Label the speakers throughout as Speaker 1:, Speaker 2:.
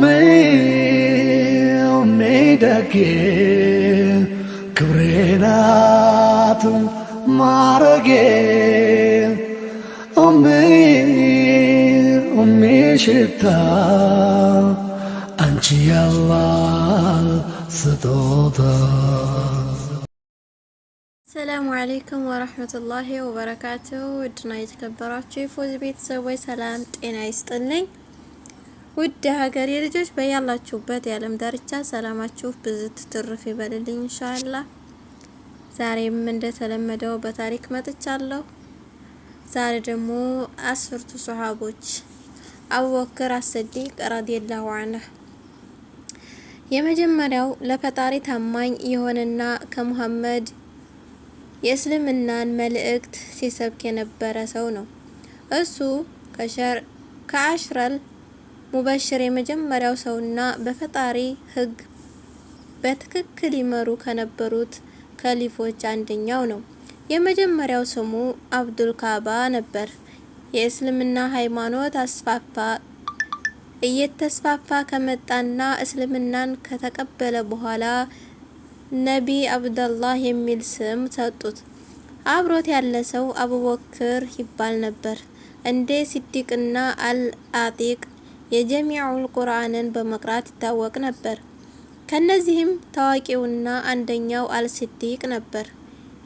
Speaker 1: ሜሜደጌ ክብሬናት ማረጌ ሽታ አንቺ ያላህ ስጦታ።
Speaker 2: ሰላሙ አለይኩም ወረህመቱላሂ ወበረካቱሁ። እድና የተከበራችሁ የፎዚ ቤተሰቦች ሰላም ጤና ይስጥልኝ። ውድ ሀገሬ ልጆች በያላችሁበት የዓለም ዳርቻ ሰላማችሁ ብዝት ትርፍ ይበልልኝ እንሻላ። ዛሬም እንደተለመደው በታሪክ መጥቻለሁ። ዛሬ ደግሞ አስርቱ ሶሀቦች አቡበክር አስዲቅ ረዲየላሁ አንሁ። የመጀመሪያው ለፈጣሪ ታማኝ የሆነና ከሙሐመድ የእስልምናን መልእክት ሲሰብክ የነበረ ሰው ነው። እሱ ከአሽረል ሙበሽር የመጀመሪያው ሰውና በፈጣሪ ህግ በትክክል ይመሩ ከነበሩት ከሊፎች አንደኛው ነው። የመጀመሪያው ስሙ አብዱል ካባ ነበር። የእስልምና ሃይማኖት አስፋፋ እየተስፋፋ ከመጣና እስልምናን ከተቀበለ በኋላ ነቢ አብደላህ የሚል ስም ሰጡት። አብሮት ያለ ሰው አቡበክር ይባል ነበር። እንደ ሲዲቅና አልአጢቅ የጀሚዑል ቁርአንን በመቅራት ይታወቅ ነበር። ከነዚህም ታዋቂውና አንደኛው አልሲዲቅ ነበር።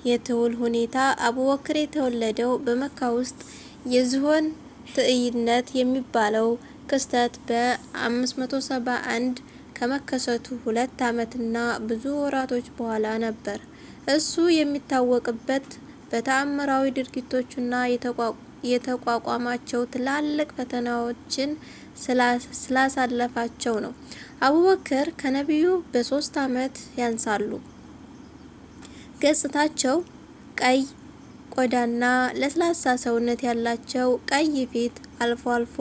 Speaker 2: የትውል ሁኔታ አቡበክር የተወለደው በመካ ውስጥ የዝሆን ትዕይነት የሚባለው ክስተት በ571 ከመከሰቱ ሁለት ዓመትና ብዙ ወራቶች በኋላ ነበር። እሱ የሚታወቅበት በተአምራዊ ድርጊቶቹና የተቋቁ የተቋቋማቸው ትላልቅ ፈተናዎችን ስላሳለፋቸው ነው። አቡበክር ከነቢዩ በሶስት ዓመት ያንሳሉ። ገጽታቸው ቀይ ቆዳና ለስላሳ ሰውነት ያላቸው፣ ቀይ ፊት፣ አልፎ አልፎ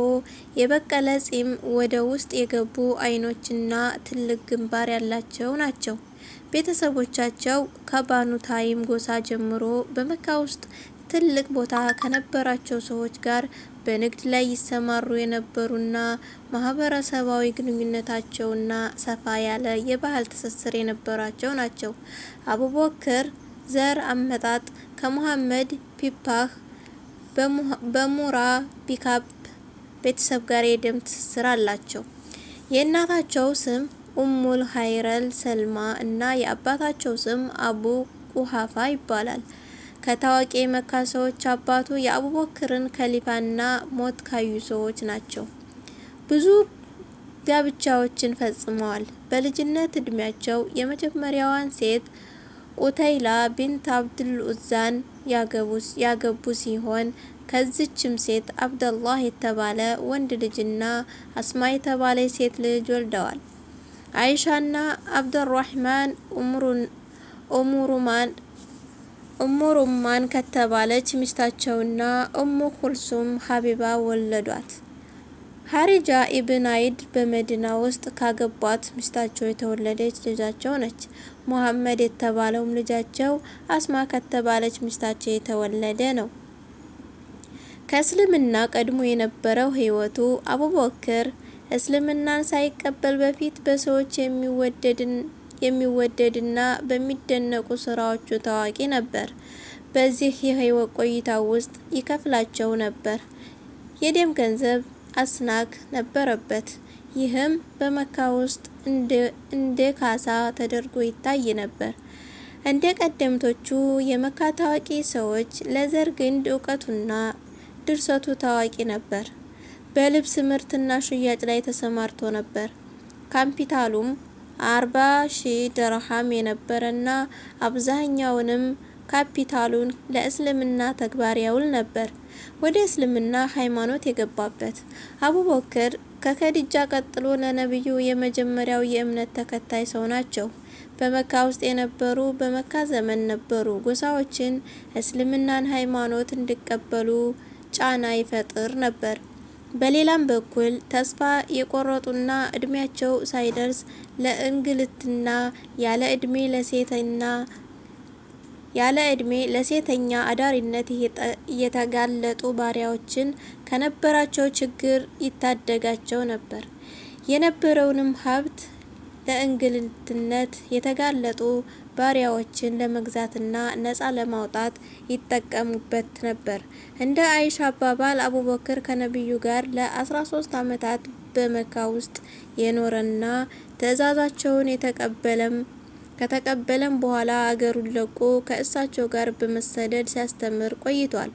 Speaker 2: የበቀለ ጺም፣ ወደ ውስጥ የገቡ አይኖችና ትልቅ ግንባር ያላቸው ናቸው። ቤተሰቦቻቸው ከባኑ ታይም ጎሳ ጀምሮ በመካ ውስጥ ትልቅ ቦታ ከነበራቸው ሰዎች ጋር በንግድ ላይ ይሰማሩ የነበሩና ማህበረሰባዊ ግንኙነታቸውና ሰፋ ያለ የባህል ትስስር የነበራቸው ናቸው። አቡበክር ዘር አመጣጥ ከሙሐመድ ፒፓህ በሙራ ፒካፕ ቤተሰብ ጋር የደም ትስስር አላቸው። የእናታቸው ስም ኡሙል ሀይረል ሰልማ እና የአባታቸው ስም አቡ ቁሀፋ ይባላል። ከታዋቂ የመካ ሰዎች አባቱ የአቡበክርን ከሊፋና ሞት ካዩ ሰዎች ናቸው። ብዙ ጋብቻዎችን ፈጽመዋል። በልጅነት እድሜያቸው የመጀመሪያዋን ሴት ቁተይላ ቢንት አብድል ኡዛን ያገቡ ሲሆን ከዚችም ሴት አብደላህ የተባለ ወንድ ልጅና አስማ የተባለ ሴት ልጅ ወልደዋል። አይሻና አብደራህማን ኡሙሩማን ኡሙ ሩማን ከተባለች ሚስታቸውና ኡሙ ኩልሱም ሀቢባ ወለዷት። ሀሪጃ ኢብን አይድ በመዲና ውስጥ ካገቧት ሚስታቸው የተወለደች ልጃቸው ነች። ሙሐመድ የተባለውም ልጃቸው አስማ ከተባለች ሚስታቸው የተወለደ ነው። ከእስልምና ቀድሞ የነበረው ህይወቱ አቡበክር እስልምናን ሳይቀበል በፊት በሰዎች የሚወደድን የሚወደድና በሚደነቁ ስራዎቹ ታዋቂ ነበር። በዚህ የህይወት ቆይታ ውስጥ ይከፍላቸው ነበር። የደም ገንዘብ አስናክ ነበረበት። ይህም በመካ ውስጥ እንደ ካሳ ተደርጎ ይታይ ነበር። እንደ ቀደምቶቹ የመካ ታዋቂ ሰዎች ለዘር ግንድ እውቀቱና ድርሰቱ ታዋቂ ነበር። በልብስ ምርትና ሽያጭ ላይ ተሰማርቶ ነበር። ካፒታሉም አርባ ሺ ደርሃም የነበረና አብዛኛውንም ካፒታሉን ለእስልምና ተግባር ያውል ነበር። ወደ እስልምና ሃይማኖት የገባበት አቡበክር ከከዲጃ ቀጥሎ ለነቢዩ የመጀመሪያው የእምነት ተከታይ ሰው ናቸው። በመካ ውስጥ የነበሩ በመካ ዘመን ነበሩ ጎሳዎችን እስልምናን ሃይማኖት እንዲቀበሉ ጫና ይፈጥር ነበር። በሌላም በኩል ተስፋ የቆረጡና እድሜያቸው ሳይደርስ ለእንግልትና ያለ እድሜ ለሴትና ያለ እድሜ ለሴተኛ አዳሪነት የተጋለጡ ባሪያዎችን ከነበራቸው ችግር ይታደጋቸው ነበር። የነበረውንም ሀብት ለእንግልትነት የተጋለጡ ባሪያዎችን ለመግዛትና ነጻ ለማውጣት ይጠቀሙበት ነበር። እንደ አይሻ አባባል አቡበክር ከነቢዩ ጋር ለ13 ዓመታት በመካ ውስጥ የኖረና ትዕዛዛቸውን የተቀበለም ከተቀበለም በኋላ አገሩን ለቆ ከእሳቸው ጋር በመሰደድ ሲያስተምር ቆይቷል።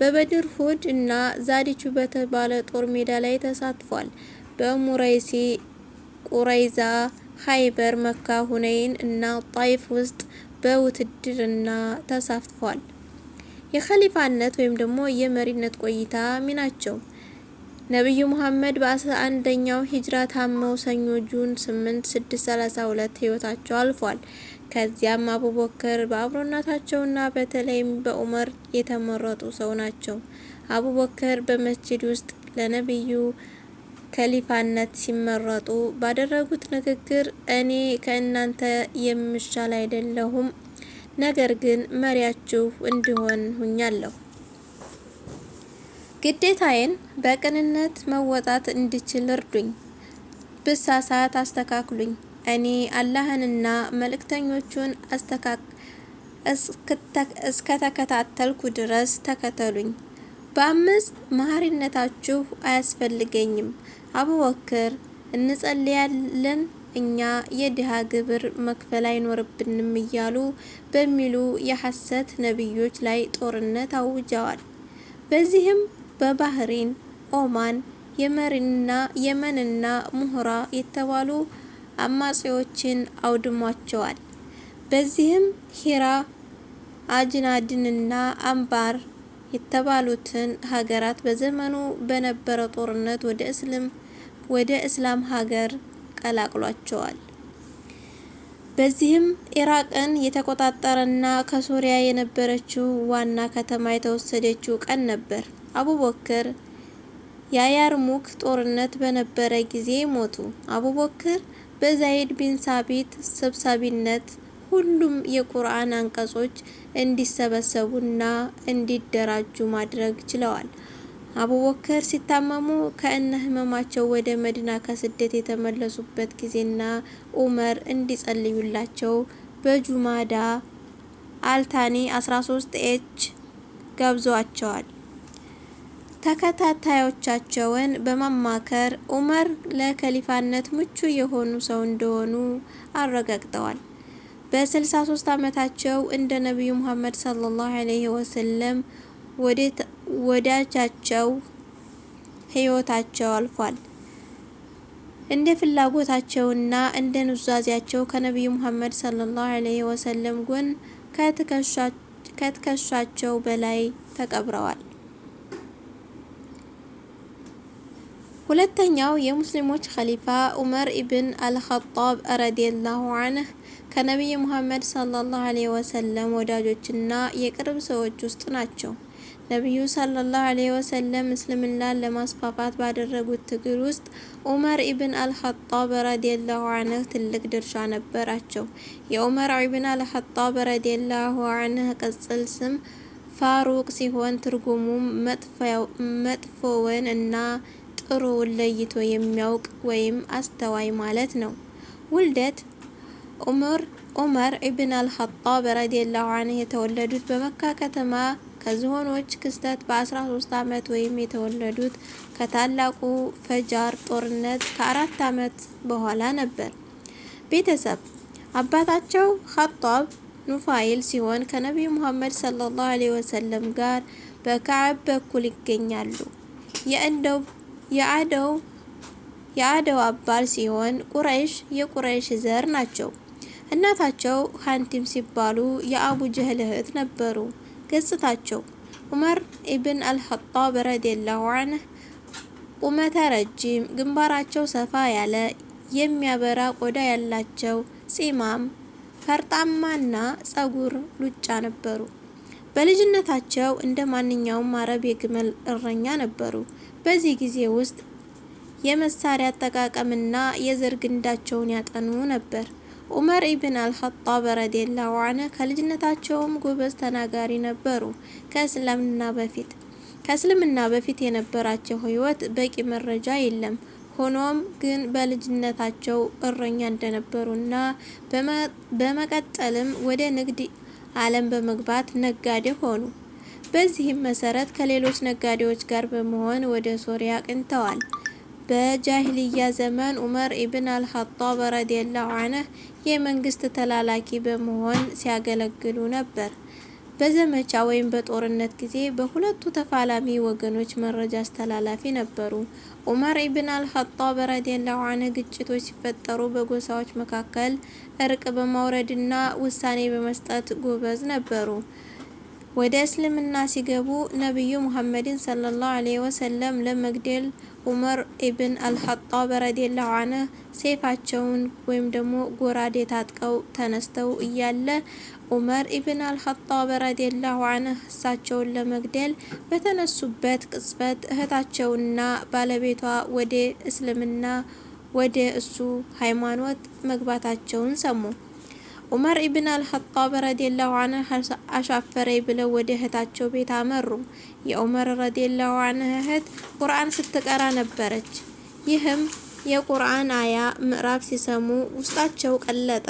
Speaker 2: በበድር ሁድ እና ዛዲቹ በተባለ ጦር ሜዳ ላይ ተሳትፏል። በሙረይሲ ቁረይዛ ሀይበር፣ መካ፣ ሁነይን እና ጣይፍ ውስጥ በውትድርና ተሳትፏል። የኸሊፋነት ወይም ደግሞ የመሪነት ቆይታ ሚናቸው ነቢዩ ሙሐመድ በአስራ አንደኛው ሂጅራ ታመው ሰኞ ጁን 8 632 ህይወታቸው አልፏል። ከዚያም አቡበከር በአብሮናታቸውና በተለይም በኡመር የተመረጡ ሰው ናቸው። አቡበከር በመስጂድ ውስጥ ለነቢዩ ከሊፋነት ሲመረጡ ባደረጉት ንግግር እኔ ከእናንተ የምሻል አይደለሁም፣ ነገር ግን መሪያችሁ እንዲሆን ሁኛለሁ። ግዴታዬን በቅንነት መወጣት እንድችል እርዱኝ። ብሳሳት አስተካክሉኝ። እኔ አላህንና መልእክተኞቹን እስከተከታተልኩ ድረስ ተከተሉኝ። በአምስት መሀሪነታችሁ አያስፈልገኝም። አቡበክር እንጸልያለን እኛ የድሃ ግብር መክፈል አይኖርብንም እያሉ በሚሉ የሐሰት ነቢዮች ላይ ጦርነት አውጀዋል። በዚህም በባህሬን፣ ኦማን፣ የመሪና የመንና ሙህራ የተባሉ አማጺዎችን አውድሟቸዋል። በዚህም ሂራ፣ አጅናድንና አምባር የተባሉትን ሀገራት በዘመኑ በነበረ ጦርነት ወደ እስልም ወደ እስላም ሀገር ቀላቅሏቸዋል። በዚህም ኢራቅን የተቆጣጠረና ከሶሪያ የነበረችው ዋና ከተማ የተወሰደችው ቀን ነበር። አቡበክር የያርሙክ ጦርነት በነበረ ጊዜ ሞቱ። አቡበክር በዛይድ ቢን ሳቢት ሰብሳቢነት ሁሉም የቁርአን አንቀጾች እንዲሰበሰቡና እንዲደራጁ ማድረግ ችለዋል። አቡበክር ሲታመሙ ከእነ ህመማቸው ወደ መዲና ከስደት የተመለሱበት ጊዜና ኡመር እንዲጸልዩላቸው በጁማዳ አልታኒ 13 ኤች ጋብዘዋቸዋል። ተከታታዮቻቸውን በማማከር ኡመር ለከሊፋነት ምቹ የሆኑ ሰው እንደሆኑ አረጋግጠዋል። በ63 ዓመታቸው እንደ ነቢዩ ሙሐመድ ሰለላሁ ዐለይሂ ወሰለም ወዴት ወዳጃቸው ህይወታቸው አልፏል። እንደ ፍላጎታቸውና እንደ ኑዛዜያቸው ከነቢዩ ሙሐመድ ሰለላሁ ዐለይሂ ወሰለም ጎን ከትከሻቸው በላይ ተቀብረዋል። ሁለተኛው የሙስሊሞች ኸሊፋ ዑመር ኢብን አልኸጣብ ረዲየላሁ አንህ ከነቢዩ ሙሐመድ ሰለላሁ ዐለይሂ ወሰለም ወዳጆችና የቅርብ ሰዎች ውስጥ ናቸው። ነቢዩ ሰለላሁ ዐለይሂ ወሰለም እስልምናን ለማስፋፋት ባደረጉት ትግል ውስጥ ዑመር ኢብን አልኸጣብ ረዲየላሁ ዐንህ ትልቅ ድርሻ ነበራቸው። የኡመር ኢብን አልኸጣብ ረዲየላሁ ዐንህ ቅጽል ስም ፋሩቅ ሲሆን ትርጉሙም መጥፎውን እና ጥሩውን ለይቶ የሚያውቅ ወይም አስተዋይ ማለት ነው። ውልደት ዑመር ኢብን አልኸጣብ ረዲየላሁ ዐንህ የተወለዱት በመካ ከተማ ከዝሆኖች ክስተት በ13 ዓመት ወይም የተወለዱት ከታላቁ ፈጃር ጦርነት ከአራት ዓመት በኋላ ነበር። ቤተሰብ አባታቸው ኸጣብ ኑፋይል ሲሆን ከነቢዩ ሙሐመድ ሰለላሁ ዐለይሂ ወሰለም ጋር በካዕብ በኩል ይገኛሉ። የአደው የአደው አባል ሲሆን ቁረይሽ የቁረይሽ ዘር ናቸው። እናታቸው ሀንቲም ሲባሉ የአቡ ጀህል እህት ነበሩ። ገጽታቸው ዑመር ኢብን አልኸጣብ ረዲየላሁ ዐንህ ቁመተ ረጅም፣ ግንባራቸው ሰፋ ያለ፣ የሚያበራ ቆዳ ያላቸው፣ ጺማም፣ ፈርጣማና ጸጉር ሉጫ ነበሩ። በልጅነታቸው እንደ ማንኛውም አረብ የግመል እረኛ ነበሩ። በዚህ ጊዜ ውስጥ የመሳሪያ አጠቃቀምና የዘር ግንዳቸውን ያጠኑ ነበር። ኡመር ኢብን አልኸጣብ ረዲየላሁ ዐንሁ ከልጅነታቸውም ጎበዝ ተናጋሪ ነበሩ። ከእስልምና በፊት ከእስልምና በፊት የነበራቸው ህይወት በቂ መረጃ የለም። ሆኖም ግን በልጅነታቸው እረኛ እንደነበሩና በመቀጠልም ወደ ንግድ ዓለም በመግባት ነጋዴ ሆኑ። በዚህም መሰረት ከሌሎች ነጋዴዎች ጋር በመሆን ወደ ሶሪያ አቅንተዋል። በጃሂልያ ዘመን ዑመር ኢብን አልኸጣብ ረዲየላሁ ዐንህ የመንግስት ተላላኪ በመሆን ሲያገለግሉ ነበር። በዘመቻ ወይም በጦርነት ጊዜ በሁለቱ ተፋላሚ ወገኖች መረጃ አስተላላፊ ነበሩ። ዑመር ኢብን አልኸጣብ ረዲየላሁ ዐንህ ግጭቶች ሲፈጠሩ በጎሳዎች መካከል እርቅ በማውረድና ውሳኔ በመስጠት ጎበዝ ነበሩ። ወደ እስልምና ሲገቡ ነቢዩ ሙሐመድን ሰለላሁ ዓለይሂ ወሰለም ለመግደል ዑመር ኢብን አልሐጣብ ረዲየላሁ ዐንሁ ሴፋቸውን ወይም ደግሞ ጎራዴ ታጥቀው ተነስተው እያለ ዑመር ኢብን አልሐጣብ ረዲየላሁ ዐንሁ እሳቸውን ለመግደል በተነሱበት ቅጽበት እህታቸውና ባለቤቷ ወደ እስልምና ወደ እሱ ሃይማኖት መግባታቸውን ሰሙ። ዑመር ኢብን አልኸጣብ ረዲየላሁ አንህ አሻፈረኝ ብለው ወደ እህታቸው ቤት አመሩ። የዑመር ረዲየላሁ አንህ እህት ቁርአን ስትቀራ ነበረች። ይህም የቁርአን አያ ምዕራፍ ሲሰሙ ውስጣቸው ቀለጠ።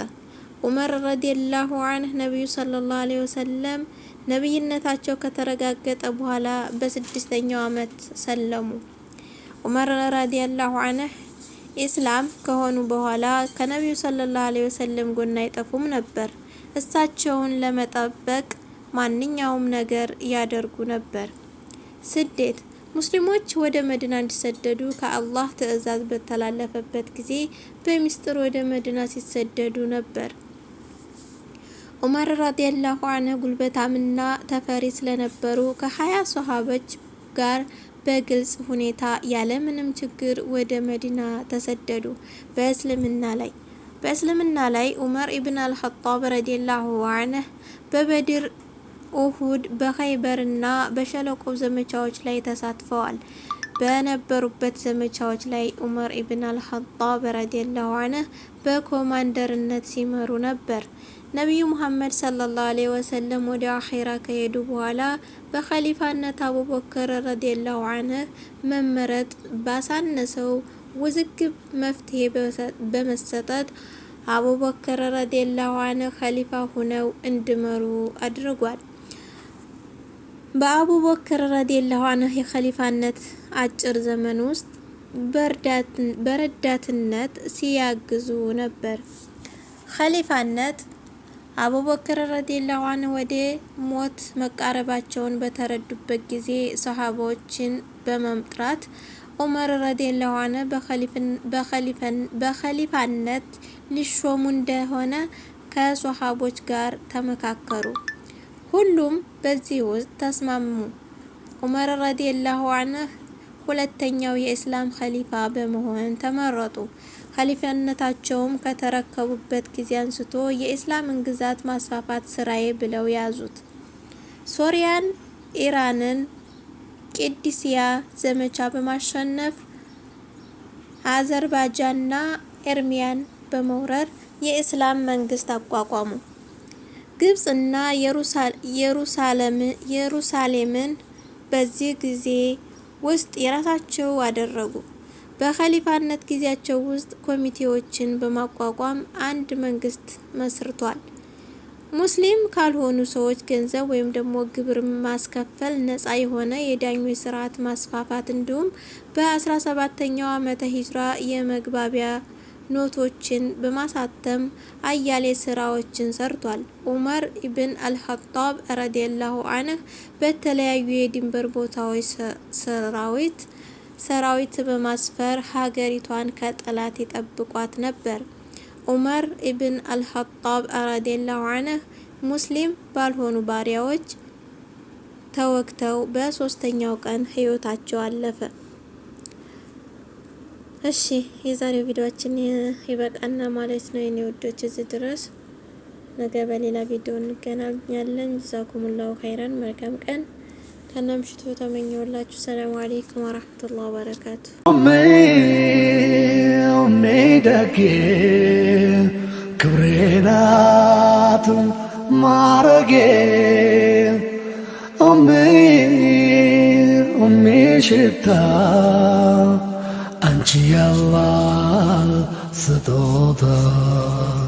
Speaker 2: ዑመር ረዲየላሁ አንህ ነቢዩ ሰለላሁ ዐለይሂ ወሰለም ነቢይነታቸው ከተረጋገጠ በኋላ በስድስተኛው ዓመት ሰለሙ። ዑመር ረዲየላሁ አንህ ኢስላም ከሆኑ በኋላ ከነቢዩ ሰለላሁ ዐለይሂ ወሰለም ጎን አይጠፉም ነበር። እሳቸውን ለመጠበቅ ማንኛውም ነገር ያደርጉ ነበር። ስደት ሙስሊሞች ወደ መዲና እንዲሰደዱ ከአላህ ትዕዛዝ በተላለፈበት ጊዜ በሚስጥር ወደ መዲና ሲሰደዱ ነበር። ዑመር ረዲየላሁ ዐንሁ ጉልበታምና ተፈሪ ስለነበሩ ከሀያ ሶሃቦች ጋር በግልጽ ሁኔታ ያለምንም ችግር ወደ መዲና ተሰደዱ። በእስልምና ላይ በእስልምና ላይ ዑመር ኢብን አልኸጣብ ረዲላሁ አንህ በበድር፣ ኡሁድ፣ በኸይበርና በሸለቆ ዘመቻዎች ላይ ተሳትፈዋል። በነበሩበት ዘመቻዎች ላይ ዑመር ኢብን አልኸጣብ ረዲየላሁ አንህ በኮማንደርነት ሲመሩ ነበር። ነቢዩ ሙሐመድ ሰለላሁ ዐለይሂ ወሰለም ወደ አኼራ ከሄዱ በኋላ በኸሊፋነት አቡበከር ረዲየላሁ አንህ መመረጥ ባሳነሰው ውዝግብ መፍትሄ በመሰጠት አቡበከር ረዲየላሁ አንህ ኸሊፋ ሁነው እንዲመሩ አድርጓል። በአቡበክር ረዲየላሁ አንሁ የኸሊፋነት አጭር ዘመን ውስጥ በረዳትነት ሲያግዙ ነበር። ኸሊፋነት አቡበክር ረዲየላሁ አንሁ ወደ ሞት መቃረባቸውን በተረዱበት ጊዜ ሰሃቦችን በመምጥራት ዑመር ረዲየላሁ አንሁ በኸሊፋነት ሊሾሙ እንደሆነ ከሶሃቦች ጋር ተመካከሩ። ሁሉም በዚህ ውስጥ ተስማሙ። ዑመር ረዲየላሁ አንሁ ሁለተኛው የእስላም ኸሊፋ በመሆን ተመረጡ። ኸሊፋነታቸውም ከተረከቡበት ጊዜ አንስቶ የእስላምን ግዛት ማስፋፋት ስራዬ ብለው ያዙት። ሶሪያን፣ ኢራንን ቂድሲያ ዘመቻ በማሸነፍ አዘርባጃንና ኤርሚያን በመውረር የእስላም መንግስት አቋቋሙ። ግብጽና ኢየሩሳሌምን በዚህ ጊዜ ውስጥ የራሳቸው አደረጉ። በኸሊፋነት ጊዜያቸው ውስጥ ኮሚቴዎችን በማቋቋም አንድ መንግስት መስርቷል። ሙስሊም ካልሆኑ ሰዎች ገንዘብ ወይም ደግሞ ግብር ማስከፈል፣ ነጻ የሆነ የዳኞች ስርዓት ማስፋፋት እንዲሁም በ17ኛው ዓመተ ሂጅራ የመግባቢያ ኖቶችን በማሳተም አያሌ ስራዎችን ሰርቷል። ዑመር ኢብን አልኸጣብ ረዲየላሁ አንህ በተለያዩ የድንበር ቦታዎች ሰራዊት ሰራዊት በማስፈር ሀገሪቷን ከጠላት ይጠብቋት ነበር። ዑመር ኢብን አልኸጣብ ረዲየላሁ አንህ ሙስሊም ባልሆኑ ባሪያዎች ተወግተው በሶስተኛው ቀን ህይወታቸው አለፈ። እሺ የዛሬው ቪዲዮችን ይበቃና ማለት ነው የኔ ውዶች፣ እዚህ ድረስ ነገ በሌላ ቪዲዮ እንገናኛለን። ጀዛኩሙላሁ ኸይረን መልካም ቀን ከነ ምሽቱ ተመኘውላችሁ። ሰላም አሌይኩም ወራህመቱላሂ ወበረካቱ።
Speaker 1: ሜደጌ ክብሬ ናት ማረጌ ሜ ሜ ሽታ 吉呀啦，斯哆哆。